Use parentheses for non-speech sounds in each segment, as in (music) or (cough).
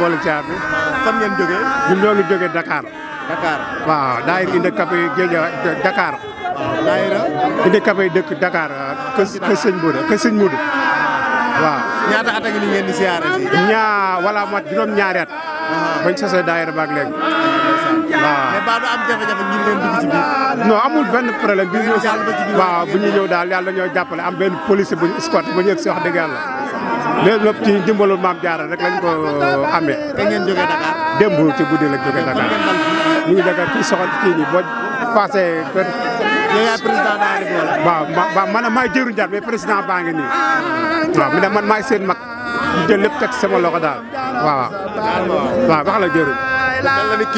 boole ziar bi. fan ngeen jógee. ñun ñoo ngi jógee Dakar. waaw daayira indi kape Géejawaay Dakar. daayira indi kape dëkk Dakar kë kë sëñ Mouda kë sëñ Mouda waaw. ñaata at ak li ngeen di ziar si. ñaa wala mat juróom ñaari bañ sosee daayira ba ak léegi. waaw mais Badou am jafe-jafe ngir leen dugg ci biir. non amul benn problème bi ñu. waaw bu ñu ñëw daal yàlla ñoo jàppale am benn police bu ñu escorte bu si wax dëgg yàlla. léegi lépp ci dimbalu maam jaaral rek lañ ko amee. kañ ngeen jógee Dakar. démb ci guddi la jógee Dakar. ñu ngi Dakar kii soxal kii nii bo passé kër. yow yaay président ma waaw man maay jëru Diar mais président baa ngi nii. waaw mu ne man maay seen mag. ñu jël lépp teg sama loxo daal waaw. waaw wax la jëru. la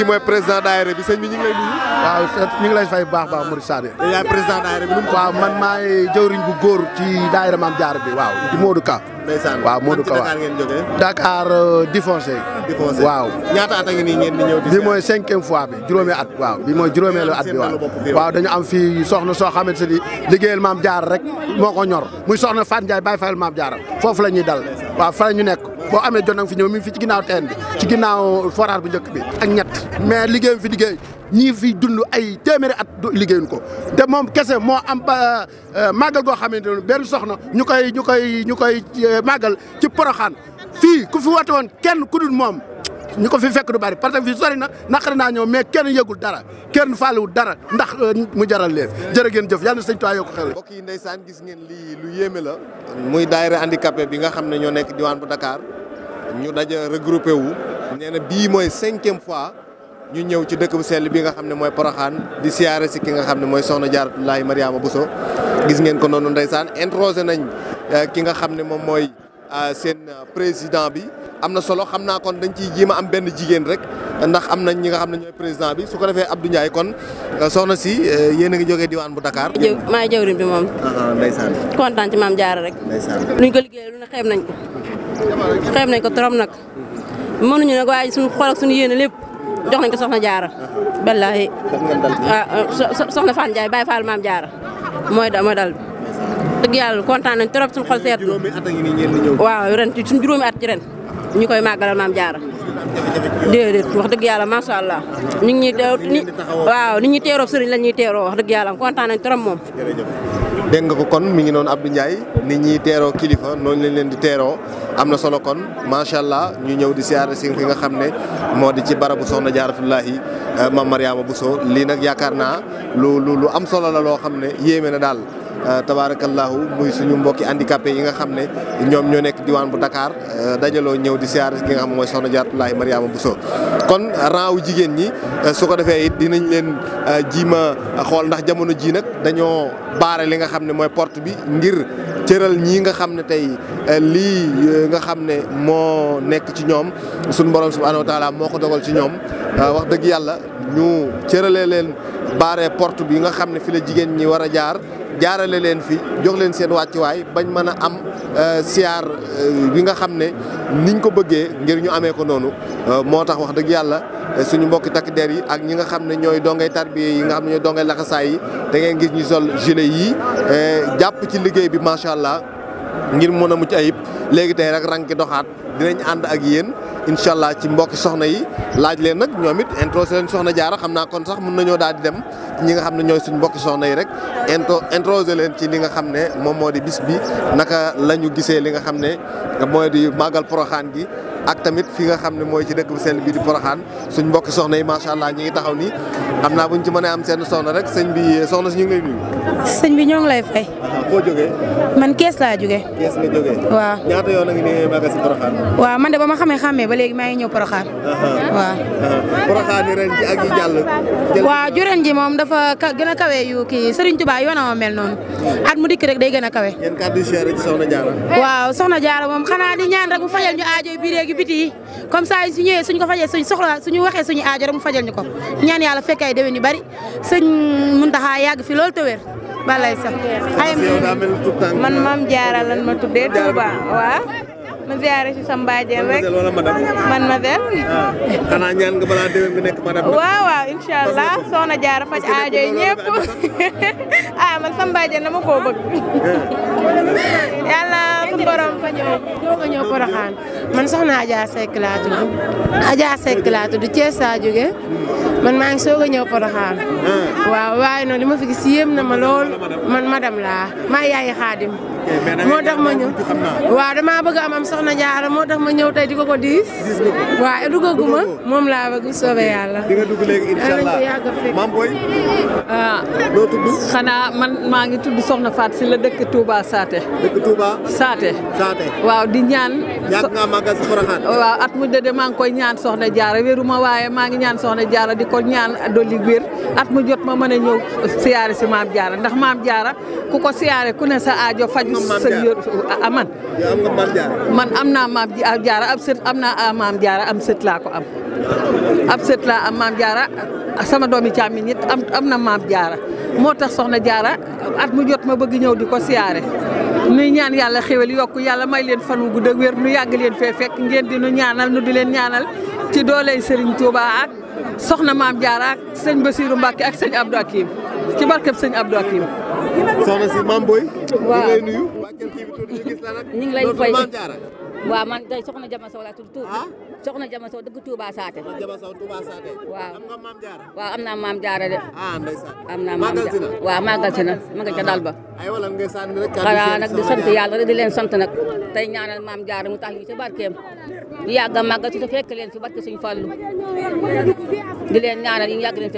mooy président daayira bi sëñ bi ñu ngi lay nuyu. waaw ñu ngi lay président daayira bi nu mu. man maay jëwriñ bu góor ci daayira maam jaar bi waaw di Modou Ka. ndeysaan waaw Modou Ka waaw Dakar ngeen jógee. Dakar euh, défoncé. défoncé waaw. ñaata at a ngeen di ñëw di. mooy cinquième fois bi juróomi at. waaw bii mooy juróomeelu at bi waaw. dañu am fii soxna soo xamante ni liggéeyal maam jaar rek moo ko ñor muy soxna Fatou Ndiaye Baye Fall maam jaar foofu la ñuy dal waa fa ñu nekk boo ame jot nag fi ñëw mi fi ci ginnaaw teen bi ci ginnaaw forage bu njëkk bi ak ñett mais liggéeyum fi liggéey ñii fi dund ay téeméeri at liggéeyuñ ko te moom kese moo am ba euh, màggal goo xamante ne benn soxna ñu koy ñu koy ñu koy euh, màggal ci poroxaan fii ku fi woote woon kenn ku dul moom ñu ko fi fekk du bari parce que fi sori na naqari naa ñëw mais kenn yëgul dara kenn faaluwul dara ndax euh, mu jaral leen jërë ngeen jëf yàlla sëñ Tuubaa yokk xel mbokk yi ndeysaan gis ngeen lii lu yéeme la muy daayira handicapé bi nga xam ne ñoo nekk diwaan bu Dakar ñu daje regroupé wu nee na bii mooy cinquième fois ñu ñëw ci dëkk bu sell bi nga xam ne mooy Poroxaan di siyaare si ki nga xam ne mooy soxna jaar Jaaratullaahi bu Bousso gis ngeen ko noonu ndeysaan introsé nañ euh, ki nga xam ne moom mooy seen euh, président bi am na solo xam naa kon dañ ciy jéem a am benn jigéen rek ndax am nañ ñi nga xam ne ñooy président bi su ko defee Abdou Ndiaye kon euh, soxna si euh, yéen a ngi jógee diwaan bu Dakar. maa jëwriñ bi moom. Ah, ah, kontaan ci maam rek. ndeysaan ko liggéeyee lu ne nañ ko. xeeb nañ ko trop nag. mënuñu waaye suñu xol ak lépp jox nañ ko soxna Diarra. ballaahi. Ah, soxna Fane Ndiaye Baye Fall maam Diarra mooy da mooy dal. dëgg yàlla kontaan nañ trop suñu xol seet. waaw ren ci suñu juróomi at ñu koy màggalal maam jaara déedéet wax dëgg yàlla macha allah ñu ngi ñuy teew ni waaw ñuy teeroo sëriñ la ñuy teeroo wax dëgg yàlla kontaan nañ moom. dégg nga ko kon mi ngi noonu Abdou Ndiaye nit ñi teeroo kilifa noonu lañ leen di teeroo am na solo kon macha allah ñu ñëw di siyaare si fi nga xam ne moo di ci barabu soxna jaaratullahi eh, maam bu Bousso lii nag yaakaar naa lu lu lu am solo la loo xam ne yéeme na daal. Euh, tabaarakallaahu muy suñu mbokki handicapé yi nga xam ne ñoom ñoo nekk diwaan bu Dakar euh, dajaloo ñëw di siyaar ki nga xam mooy soxna Jaaratullaahi Mariama soo kon rang wu jigéen ñi euh, su ko defee it dinañ leen jiima xool ndax jamono ji nag dañoo baare li nga xam ne mooy porte bi ngir cëral ñii nga xam ne tey lii nga xam ne moo nekk ci ñoom suñu borom subhaanahu wa taala moo ko dogal ci ñoom wax dëgg yàlla ñu cëralee leen baare porte bi nga xam ne fi la jigéen ñi war a jaar jaarale leen fi jox leen seen waay bañ mën a am euh, siyaar euh, bi nga xam ne niñ ko bëggee ngir ñu amee ko noonu euh, moo tax wax dëgg yàlla suñu mbokki takk der yi ak ñi nga xam ne ñooy dongay tarbiye yi nga xam ne ñooy dongay laxasaay yi da ngeen gis ñu sol gilet yi jàpp ci liggéey bi macha allah ngir mën a mucc ayib léegi tey rek ranki doxaat dinañ ànd ak yéen incha allah ci mbokki soxna yi laaj leen nag ñoom it introsé leen soxna jaara xam naa kon sax mën nañoo daal di dem ñi nga xam ne ñooy suñ mbokki soxna yi rek into introsé leen ci li nga xam ne moom moo di bis bi naka la ñu gisee li nga xam ne mooy di màggal poroxaan gi ak tamit fi nga xam ne mooy ci dëkk bu sell bi di Poroxaan suñ mbokki soxna yi macha allah ñi ngi taxaw nii am naa buñ ci mën a am seen soxna rek sëñ bi ñu ngi lay nuyu. bi ñoo ngi lay fay. foo man kees laa jógee. kees nga waaw ñaata yoon a ngi ne maa waaw man de ba ma xamee xàmmee ba léegi maa ngi ñëw Poroxaan. waaw. Poroxaan yi ren ji ak yi jàll. waaw ju ji moom dafa gën a kawe yu kii Serigne Touba yoonama mel noonu at mu dikk rek day gën a kawe. yéen kàddu cher ci soxna Diarra. waaw soxna Diarra moom xanaa di ñaan rek mu fajal ñu aajo bi ci biti yi comme ça su ñëwee suñ ko fajee suñ soxla suñu waxee suñu aajo rek mu fajal ñu ko ñaan yàlla fekk ay déwén yu bari sëñ Muntaxa yàgg fi loolu te wér balay sax ay man Maam Jaara lan ma tuddee ma ziare si sama mbaajeen rek man ma del xanaa ñaan nga balaa déwén bi nekk aajo yi ñëpp (laughs) ah, man sama mbaajeen dama koo bëgg (laughs) yàlla suñu borom fa man soxna Adja Seck laa tudd Adja Seck man maa ngi soog a ñëw Porokhane ah. waaw waaye noonu li fi gis yéem na ma man madame laa maa yaay Xaadim moo tax ma ñëw waa damaa bëgg am am soxna jaara moo tax ma ñëw tey di ko ko diis waaw dugaguma moom laa bëgg soobee yàlla di nga dugg léegi inshallah maam boy ah xanaa man maa ngi tudd soxna Faat si la dëkk Touba Saate dëkk Touba Saate Saate waaw di ñaan yàgg at mu de maa ngi koy ñaan soxna jaara weeruma waaye maa ngi ñaan soxna jaara di ko ñaan dolli wér at mu jot ma mën a ñëw siyaare si maam jaara ndax maam jaara ku ko siyaare ku ne sa aajo faju sa yor aman man am naa maam jaara am sët am naa ah, maam jaara am sët laa ko am ab set laa am maam jaara sama doomi càmmiñ it am am na maam jaara moo tax soxna jaara at mu jot ma bëgg ñëw di ko siyaare nuy ñaan yàlla xéwal yokk yàlla may leen fan wu gudd ak wér nu yàgg leen fee fekk ngeen di nu ñaanal nu di leen ñaanal ci dooley Serigne Touba ak soxna maam Diarra ak sëñ Bassirou Mbacke ak sëñ Abdou Hakim ci barkeb sëñ Abdou Hakim. soxna si maam Boy. waaw ñu ngi lay nuyu. ñu ngi waaw man day soxna Jama Sow laa tudd tur ah? soxna Jama Sow dëgg Touba Saate soxna Jama Sow Touba Saate waa am nga maam jaara waaw am naa maam jaara de ah, am naa maam jaara waaw màggal si na ma nga ca dal ba ay wala ngay sànni rek xanaa nag di sant yàlla rek di leen sant nag tey ñaanal maam jaara mu tax ñu ci barkeem di yàgg a màggal si te fekk leen fi barke suñu fàllu di leen ñaanal yi ñu yàgg leen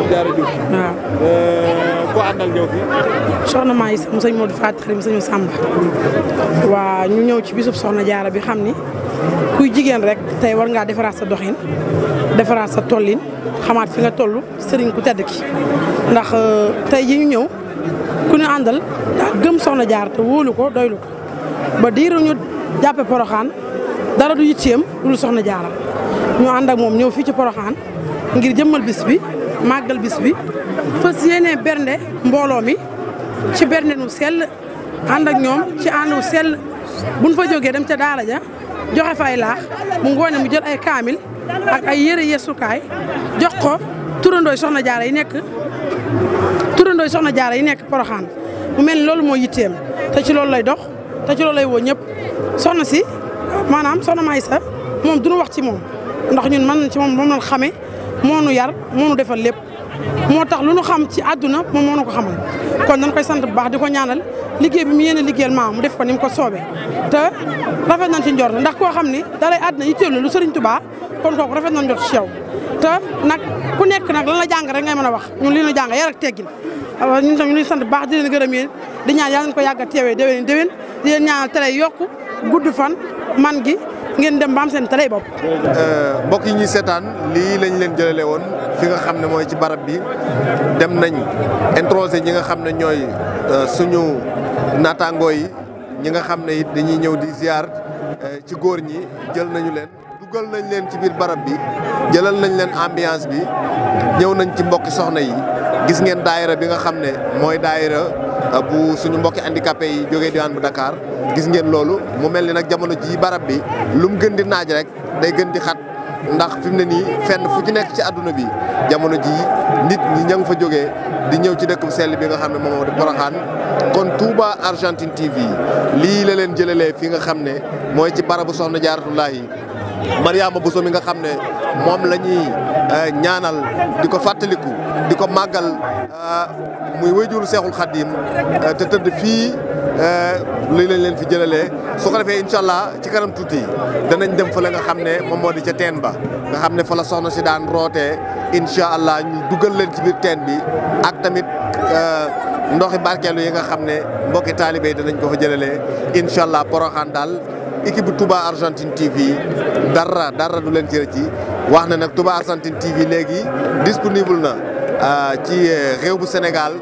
Diarra Diouf waaw euh, koo àndal ñëw fi soxna maa yi mu sëñ Modou Fatou waa ñu ñëw ci bisub soxna Diarra bi xam ni kuy jigéen rek tey war ngaa defaraat sa doxin defaraat sa tollin xamaat fi nga toll sëriñ ku tedd ki ndax euh, tey ji ñu ñëw ku ñu àndal gëm soxna Diarra te wóolu ko doylu ko ba diiru ñu jàppe poroxaan dara du yitteem lu soxna Diarra ñu àndak moom ñëw fii ci poroxaan ngir jëmmal bis bi màggal bis bi fas yéene bernde mbooloo mi ci bernde nu sell ànd ak ñoom ci ànd wu sell buñ fa jógee dem ca daara ja joxe fa ay laax mu ngoone mu jël ay kaamil ak ay yére yeesukaay jox ko turandooy soxna jaara yi nekk turandooy soxna jaara yi nekk poroxaan mu mel ni loolu moo yitteem te ci loolu lay dox te ci loolu lay woo ñëpp soxna si maanaam soxna Maysa moom duñu wax ci moom ndax ñun man ci moom moom moo nu yar moo nu defal lépp moo tax lu nu xam ci àdduna moom moo nu ko xamal kon dañ koy sant bu baax di ko ñaanal liggéey bi mu yéene liggéeyal maam mu def ko ni ko soobee te rafet nañ ci njort ndax koo xam ni dalay àdduna yitteelu lu Sëriñ Tuubaa kon kooku rafet nañ njort ci yow te nag ku nekk nag lan la jàng rek ngay mën a wax ñun li ñu jàng yar ak teggin ñun tam ñu ngi sant baax di leen gërëm yéen di ñaan yàlla nañ ko yàgg a teewee déwén déwén di leen ñaanal télé yokku gudd fan man gi ngeen dem ba am seen télé bopp. Euh, mbokk yi ñuy seetaan lii lañ leen jëlalee woon fi nga xam ne mooy ci barab bi dem nañ introsé ñi nga xam ne ñooy euh, suñu naataangoo yi ñi nga xam ne it dañuy ñëw di ziar euh, ci góor ñi jël nañu leen. dugal nañ leen ci biir barab bi jëlal nañ leen ambiance bi ñëw nañ ci mbokki soxna yi gis ngeen daayira bi nga xam ne mooy daayira. Euh, bu suñu mbokki handicapé yi jógee diwaan bu Dakar gis ngeen loolu mu mel ni nag jamono ji barab bi lu gën di naaj rek day gën di xat ndax fi ne nii fenn fu ci nekk ci àdduna bi jamono ji nit ñi ña ngi fa jógee di ñëw ci dëkk bu sell bi nga xam ne moom moo di Porokhane kon Touba Argentine TV lii la leen jëlalee fi nga xam ne mooy ci barabu soxna yi Mariama Bousso bi nga xam ne moom la ñuy euh, ñaanal di ko fàttaliku di ko màggal euh, muy wéyjuru Seexul Xadiim euh, te tëdd fii li lañ leen fi jëlalee foo ko defee incha allah ci kanam tuuti danañ dem fa la nga xam ne moom moo di ca teen ba nga ne fa la soxna si daan rootee incha allah ñu dugal leen ci biir teen bi ak tamit ndoxi barkeelu yi nga xam ne mbokki taalibe danañ ko fa jëlalee incha allah Poroxaan daal équipe bu Touba Argentine TV dara dara du leen ci rëcc wax na nag Touba Argentine TV léegi disponible na euh, ci euh, réew bu Sénégal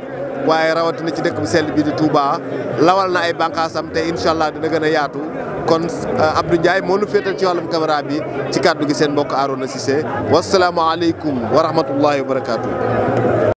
waaye rawatina ci dëkk bu sell bi di Touba lawal na ay bànqaasam te incha allah dina gën a yaatu kon euh, Abdou Ndiaye moo nu féetal ci wàllum caméra bi ci kàddu gi seen mbokk Arona Cissé wasalaamualeykum wa rahmatullahi wa barakaatu.